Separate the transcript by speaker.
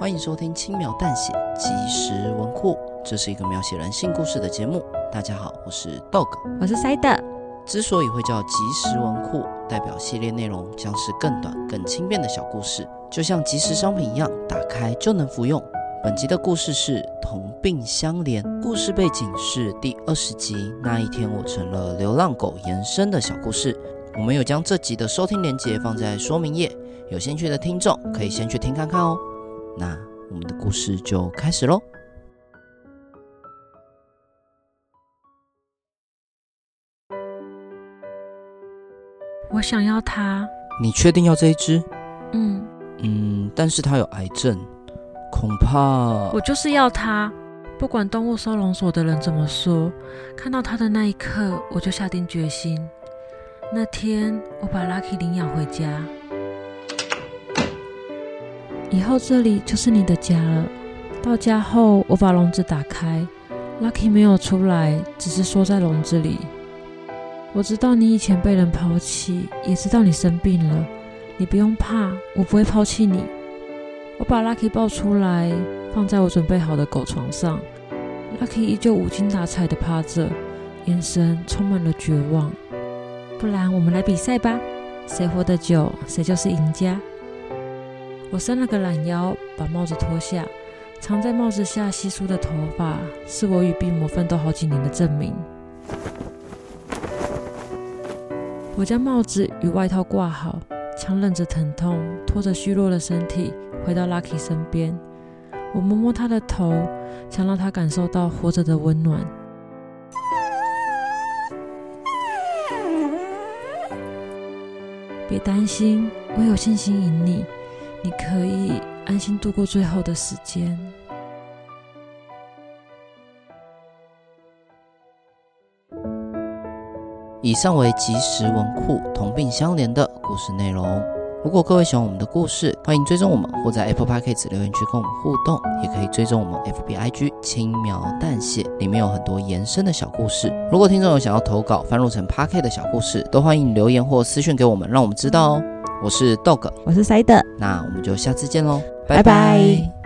Speaker 1: 歡迎收聽《輕描淡寫即食文庫》，這是一個描寫人性故事的節目。大家好，我是 Dog，我是 Sid，之所以會叫“即食文庫”，代表系列內容將是更短、更輕便的小故事，就像即食商品一樣，打開就能服用。本集的故事是《同病相憐》，故事背景是第二十集。那一天，我成了流浪狗。延伸的小故事，我們有將這集的收聽連結放在說明頁，有興趣的聽眾可以先去聽看看哦。那我們的故事就開始嘍。
Speaker 2: 我想要它。
Speaker 1: 你確定要這一隻？嗯嗯，但是它有癌症，恐怕。我
Speaker 2: 就是要它，不管動物收容所的人怎麼說。看到它的那一刻，我就下定決心。那天我把 Lucky 領養回家。以後這裡就是你的家了。到家後，我把籠子打開，Lucky 沒有出來，只是縮在籠子裡。我知道你以前被人拋棄，也知道你生病了，你不用怕，我不會拋棄你。我把 Lucky 抱出來，放在我準備好的狗床上，Lucky 依舊無精打采的趴着，眼神充滿了絕望。不然，我們來比賽吧，誰活得久，誰就是贏家。我伸了個懶腰，把帽子脫下，藏在帽子下稀疏的頭髮，是我與病魔奮鬥好幾年的證明。我將帽子與外套掛好，強忍着疼痛，拖着虛弱的身體回到 Lucky 身邊。我摸摸他的頭，想讓他感受到活着的溫暖。別擔心，我有信心贏你。你可以安心度過最後的時間。
Speaker 1: 以上為即食文庫《同病相憐》的故事內容。如果各位喜歡我們的故事，歡迎追蹤我們或在 Apple Podcast 留言區跟我們互動，也可以追蹤我們 FBIG 輕描淡血，裡面有很多延伸的小故事。如果聽眾有想要投稿，翻錄成 Podcast 的小故事都歡迎留言或私訊給我們，讓我們知道哦。我是 Dog，我是 Sid。那我們就下次見嘍，拜拜。拜拜